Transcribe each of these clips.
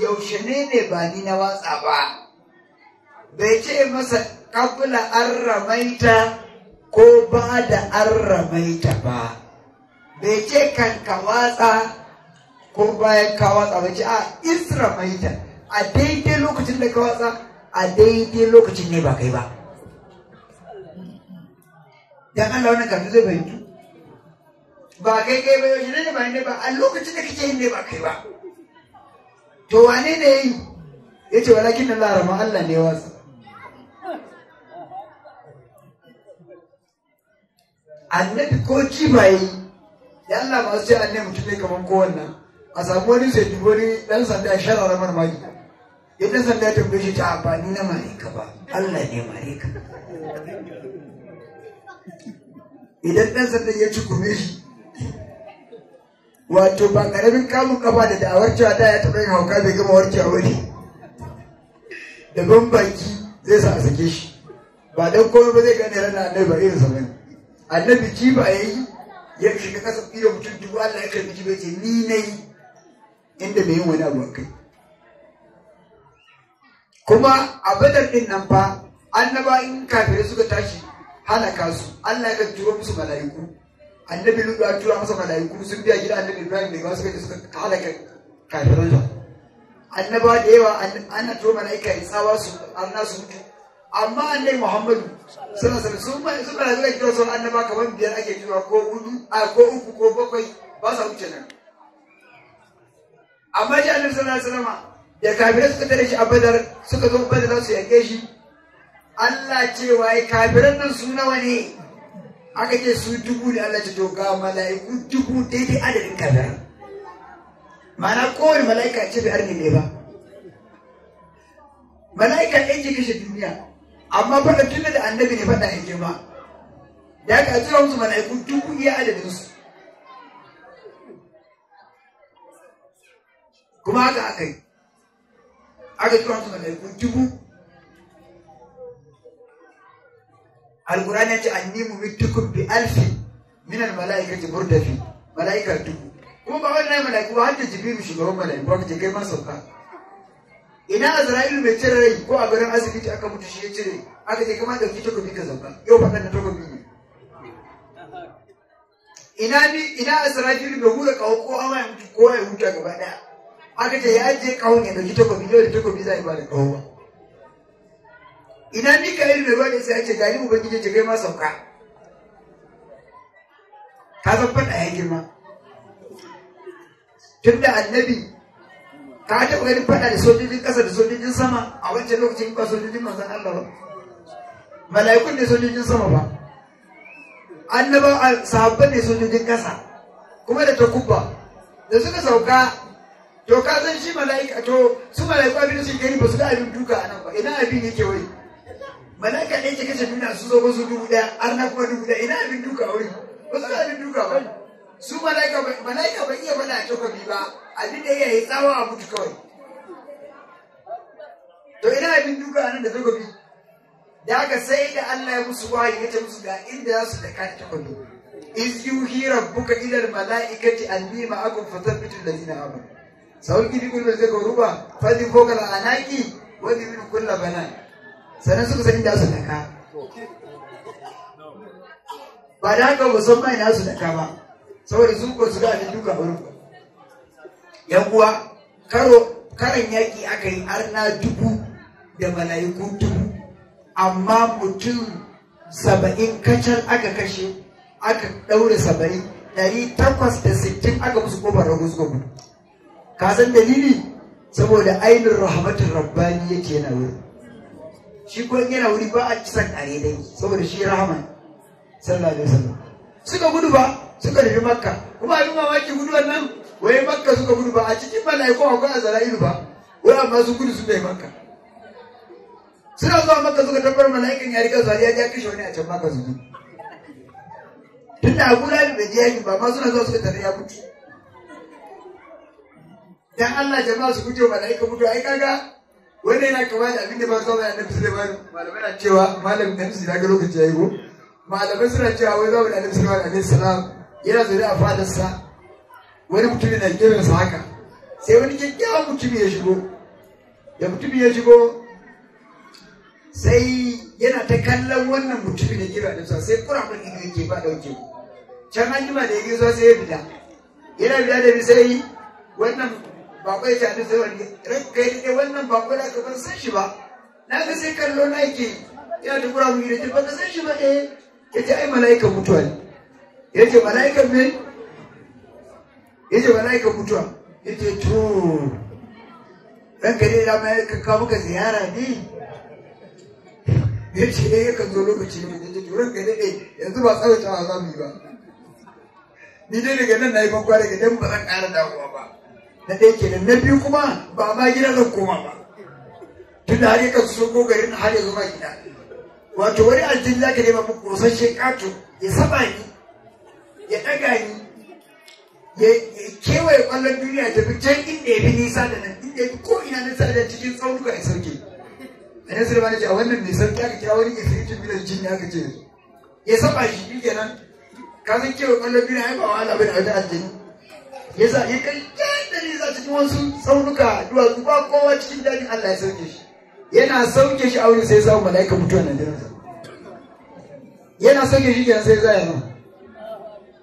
yaushe ne ne ba ni na watsa ba bai ce masa kabla an ramaita ko ba da an ramaita ba bai ce kan ka watsa ko bayan ka watsa ba ce a maita, a daidai lokacin da ka watsa a daidai lokacin ne ba kai ba dan Allah wannan kafin zai bayyana ba kai kai ba yaushe ne ba ne ba a lokacin da kake yin ne ba kai ba to wane ne yi ya ce walakin Allah rama Allah ne wasu. annabi ko kibaye ya Allah ba su ce annabi mutum ne kamar kowanne a samu wani sai dubo ni dan sanda ya shara ramar magi ya dan sanda ya tambaye shi ta amfani na mareka ba Allah ne mareka idan dan sanda ya ci kume shi wato ba karamin kamun kafa da da'awar cewa da ya taɓa yin hauka bai gama a wani da ban baki zai sa a sake shi ba dan komai ba zai gane rana annabi ba irin sa bane annabi ji ba yayi ya shiga kasa ido mutum dubu Allah ya karbi ji bai ce ni yi inda bai yin wani abu kai kuma a badar din nan fa annaba in kafirai suka tashi halaka su Allah ya kan turo musu mala'iku annabi lutu an tura masa mala'iku sun biya gida annabi ibrahim daga wasu kai suka halaka kafiransa annaba da yawa ana tura mala'ika ya tsawa su arna su mutu amma annabi muhammadu suna sanar sun ba su ba zai kira sun annaba kamar biyar ake tura ko hudu a ko uku ko bakwai ba sa wuce nan amma shi annabi sallallahu alaihi wasallam da kafirai suka tare shi a badar suka zo badar su yanke shi Allah cewa kafiran nan su nawa ne aka ce su dubu ne Allah ce doka ga mala'iku dubu daidai adadin kaza ma'ana kowane mala'ika ce bai arni ne ba mala'ika ɗaya ke kashe duniya amma faɗa tunda da annabi ne faɗa ya girma ya ka tura musu mala'iku dubu iya adadin su kuma haka aka yi aka tura musu mala'iku dubu alqur'ani ya ce anni mumittukum bi alfi min al malaikati murdafi malaika dubu kuma ba wannan malaiku ba hadda jibiru shugaban malaiku ba kai ma sauka ina azra'ilu mai cire rai ko a garin asibiti aka mutu shi ya cire aka ce kama dauki takobi ka sauka. yau ka na takobi ne ina ni ina azra'ilu bai hura kawo ko ama ya mutu ko ya huta gaba daya aka ce ya ajiye kawon ya dauki takobi yau da takobi za a yi ba da kawo ba Ina ni kayi mai ruwa ne sai ya ce tari ubangiji ce kai ma sauka ka san faɗa ya girma tun da annabi ka taɓa ganin faɗa da sojojin ƙasa da sojojin sama a wancan lokacin ba sojojin manzan Allah ba mala'ikun ne sojojin sama ba annaba sahabban ne sojojin ƙasa kuma da takuba da suka sauka to ka san shi mala'ika to su mala'iku abin da suke gani ba su ga abin duka nan ba ina abin yake wai malaka ɗaya ke kashe duniya su zo wasu dubu ɗaya har na kuma dubu ɗaya ina abin duka wuri wasu na abin duka wuri su malaka malaka bai iya bada a bi ba abin da iya yi tsawa a mutu kawai to ina abin duka nan da takobi da aka sai da Allah ya musu wahayi ya ce musu ga inda za su da kan takobi iz yuhi rabbuka ila almalaikati anni ma'akum fathabbitu allazina amanu sawki bi kullu zakaruba fadhi a al'anaki wa min kulla bana. sannan suka san inda su daka ba da haka ba san mai nasu daka ba saboda su ko su ga abin duka wurin yan uwa karo karan yaki aka yi arna dubu da mala'iku dubu amma mutum saba'in kacal aka kashe aka ɗaure saba'in ɗari takwas da sittin aka musu kofar ragus gobe ka san dalili saboda ainihin rahmatin rabbani yake na wurin shi ko yana wuri ba a kisan kare dai saboda shi rahman sallallahu alaihi wasallam suka gudu ba suka tafi makka kuma abin mamaki gudu wannan waye makka suka gudu ba a cikin ko akwai azra'ilu ba wai amma su gudu su bai makka suna zuwa makka suka tabbar mala'ikan ya riga zuwa ya kashe wani a can makka su gudu tunda a guda da bai je ba ma suna zuwa suka tafi ya mutu dan Allah jama'a su guje mala'ika mutu ai kaga wannan yana kama da abin da ba zama annabi Sulaiman malamai na cewa malam dan su daga lokaci yi ko malamai suna cewa wai zama annabi Sulaiman alaihi salam yana zaune a fadarsa wani mutum yana kiran sa haka sai wani kyakkyawan mutum ya shigo da mutum ya shigo sai yana ta kallon wannan mutumin da kira da sa sai kura kuramin ido yake ba dauke can an da yake zuwa sai ya fita yana fita da sai wannan bako ya ce annabi sai wani kai da wannan babu da ka ban san shi ba na ga sai kallo na yake yana da kura mu yi ba ka san shi ba eh ya ce ai mala'ikan mutuwa ne ya ce mala'ikan me ya ce mala'ikan mutuwa ya ce to ranka dai da mala'ikan kawo maka ziyara ne ya ce eh yakan zo lokaci ne ya ce to ranka dai yanzu ba tsawaitawa za mu yi ba ni dai daga nan na yi bankwa daga dan ba zan ƙara dawowa ba na ɗaya kenan na biyu kuma ba ma gida zan koma ba tun da har ya kasu sun gogarin har ya zama gida wato wani aljin za ka nema mu kosasshen ƙato ya saba ni ya ɗaga ni ya kewaye ƙwallon duniya ta fi can inda ya fi nisa da nan inda ya fi ko ina sa da cikin tsaunuka ya sauke a nan ba na ce a wannan mai sauki aka kira wani ifiritin bilan jin ya aka ce ya saba shi shi kenan ka san kewaye ƙwallon duniya ya ba wahala bai da wata aljini ya sa ya kai ɗari za cikin wasu tsaunuka duwatsu ba kowa cikin daji Allah ya sauke shi yana sauke shi a wurin sai samu mala'ika mutuwa na jiransa yana sauke shi kenan sai zaya nan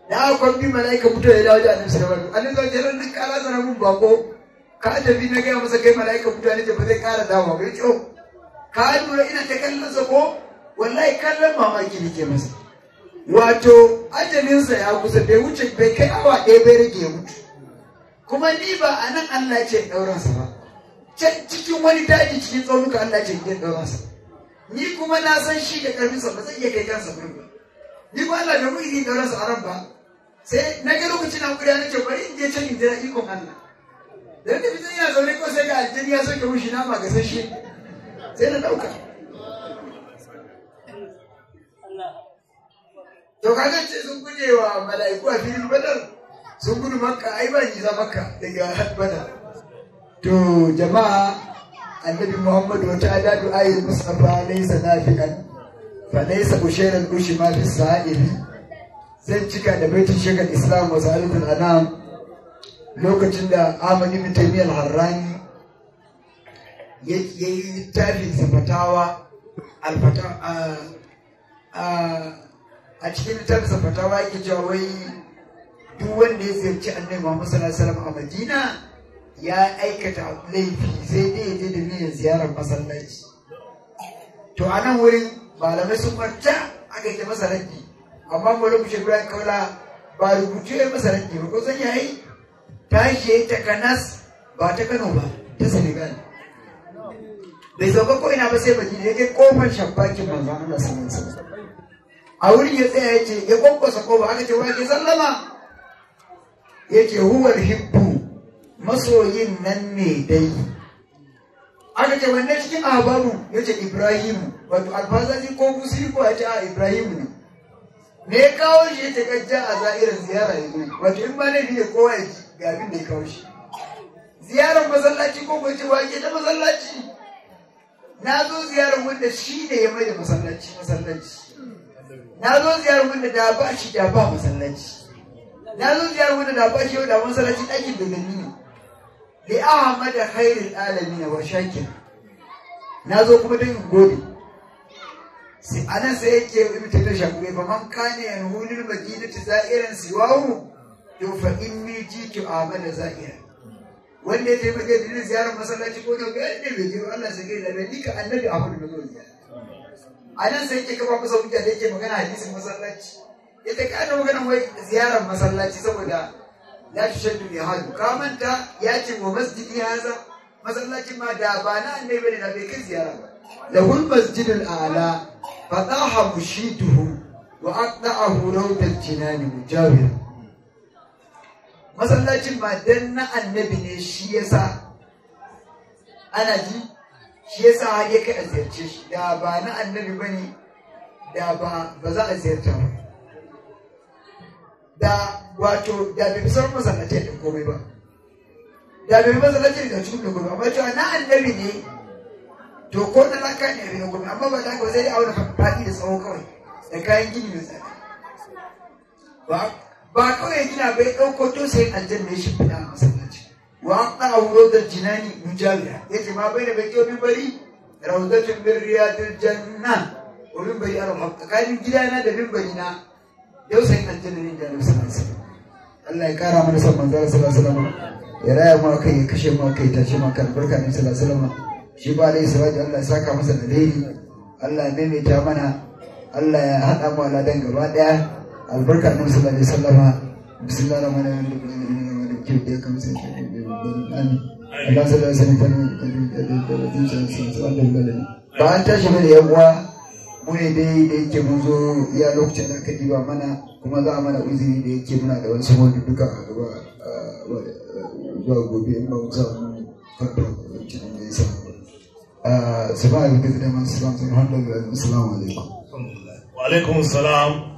da aka kwamfi mala'ika mutuwa ya dawo da annabi sallallahu alaihi wasallam annabi sallallahu alaihi wasallam kara zara mun bako ka tafi na gaya masa kai mala'ika mutuwa ne ba zai kara dawo ba ce oh, ka lura ina ta kallon sa ko wallahi kallon mamaki ne ke masa wato ajalinsa ya kusa bai wuce bai kai awa ɗaya bai rage ya mutu kuma ni ba a nan Allah ce in ɗaura sa ba can cikin wani daji cikin tsaunuka Allah ce in ɗaura sa ni kuma na san shi da sa ba zai iya kai kansa gurin ba ni ba Allah da mu idin ɗaura sa a ba sai na ga lokaci na ana ce bari in je can in jira ikon Allah da yadda fitan yana zaune ko sai ga aljini ya soke mushi nama ga sashe sai na ɗauka to kaga ce sun guje wa mala'iku a filin badar sun gudu makka ai ba ji makka daga bana to jama'a annabi muhammadu wata adadu ayin musafa laisa nafi'an fa laisa bushairan ushi ma fi sa'ili zan cika da baitin shekar islam wa sa'alatul anam lokacin da ahmad ibn taymiyyah ya yi tafi zafatawa alfata a cikin tafi zafatawa yake cewa wai duk wanda ya ziyarci annabi Muhammad sallallahu alaihi wasallam a Madina ya aikata laifi sai dai ya je da niyyar ziyarar masallaci to a nan wurin malamai sun kwanta aka yi ta masa raddi amma bari mu shekara kaula ba rubutu ya masa ba ko zan yayi tashi ya yi ta kanas ba ta Kano ba ta Senegal bai sauka ko ina ba sai Madina ya kai kofar shabbakin manzon Allah sallallahu alaihi wasallam a wurin ya tsaya ya ce ya kwakwasa ba aka ce wa ke sallama yake huwar hibbu masoyin nan ne dai aka ce wannan cikin abanu ya ce ibrahim wato alfazaji ko musiri ko ya ce a ibrahim ne me ya kawo shi ya ce gajja a za'irar ziyara ya gani wato in ba laifi ne kowa ya ji ga abin da ya kawo shi ziyarar masallaci ko ko ce wake ta masallaci na zo ziyarar wanda shi ne ya mai da masallaci masallaci na zo ziyarar wanda da ba shi da ba masallaci na zo ziyar wanda da bashi yau da masallaci ɗakin da gani ne li ahmad khairul alamin wa shakir na zo kuma don gode sai anan sai yake ibnu taymiya shakure fa man kana yanhulul madinati za'iran siwahu to fa inni jitu amana za'iran wanda ya taimake da ziyarar masallaci ko da ga inda bai je Allah sai ga da ni ka annabi ahmad da zo ziyara nan sai yake kafa kusa hujja da yake magana hadisin masallaci ya ta kada magana wai ziyarar masallaci saboda la tushaddu mihadu ka manta ya ce wa masjidi haza masallacin ma da ba na annabi bane da bai kai ziyara ba lahul masjidul a'la fataha mushiduhu wa aqda'ahu rawdal jinani mujawir masallacin ma dan na annabi ne shi yasa ana ji shi yasa har ya kai a ziyarce shi da ba na annabi bane da ba ba za a ziyarta ba da wato da bai san masallaci da komai ba da bai masallaci da cikin da gobe amma cewa na annabi ne to ko da na ne na gobe amma ba da ka sai wani fadi da tsawon kawai da kayan gini mai tsada ba ba kawai gina bai dauko to sai aljanna shi fita a masallaci wa ta auro da jinani mujawiya yace ma bai da bai kiyo min bari rawdatun min riyadil janna wa min bari arham tsakanin gidana da bin bari na yau sai nan jinin da Annabi sallallahu alaihi Allah ya kara mana san manzo sallallahu ya raya mu kai ya kashe mu kai tashi mu kan barka ne sallallahu shi ba alaihi salatu Allah ya saka masa da daidai Allah ya maimaita mana Allah ya hada mu aladan gaba daya albarka ne sallallahu alaihi wasallam bismillahir rahmanir rahim ya kamsa amin Allah sallallahu alaihi wasallam ba an tashi mu da yan uwa mune ne dai da yake mun zo ya lokacin da aka diba mana kuma za a mana uzuri da yake muna da wani duka a gaba zuwa gobe in ba mu mun fadda wancan da ya samu ba. Saba'a da kasu da masu sun sanar da Assalamu Wa alaikum salam.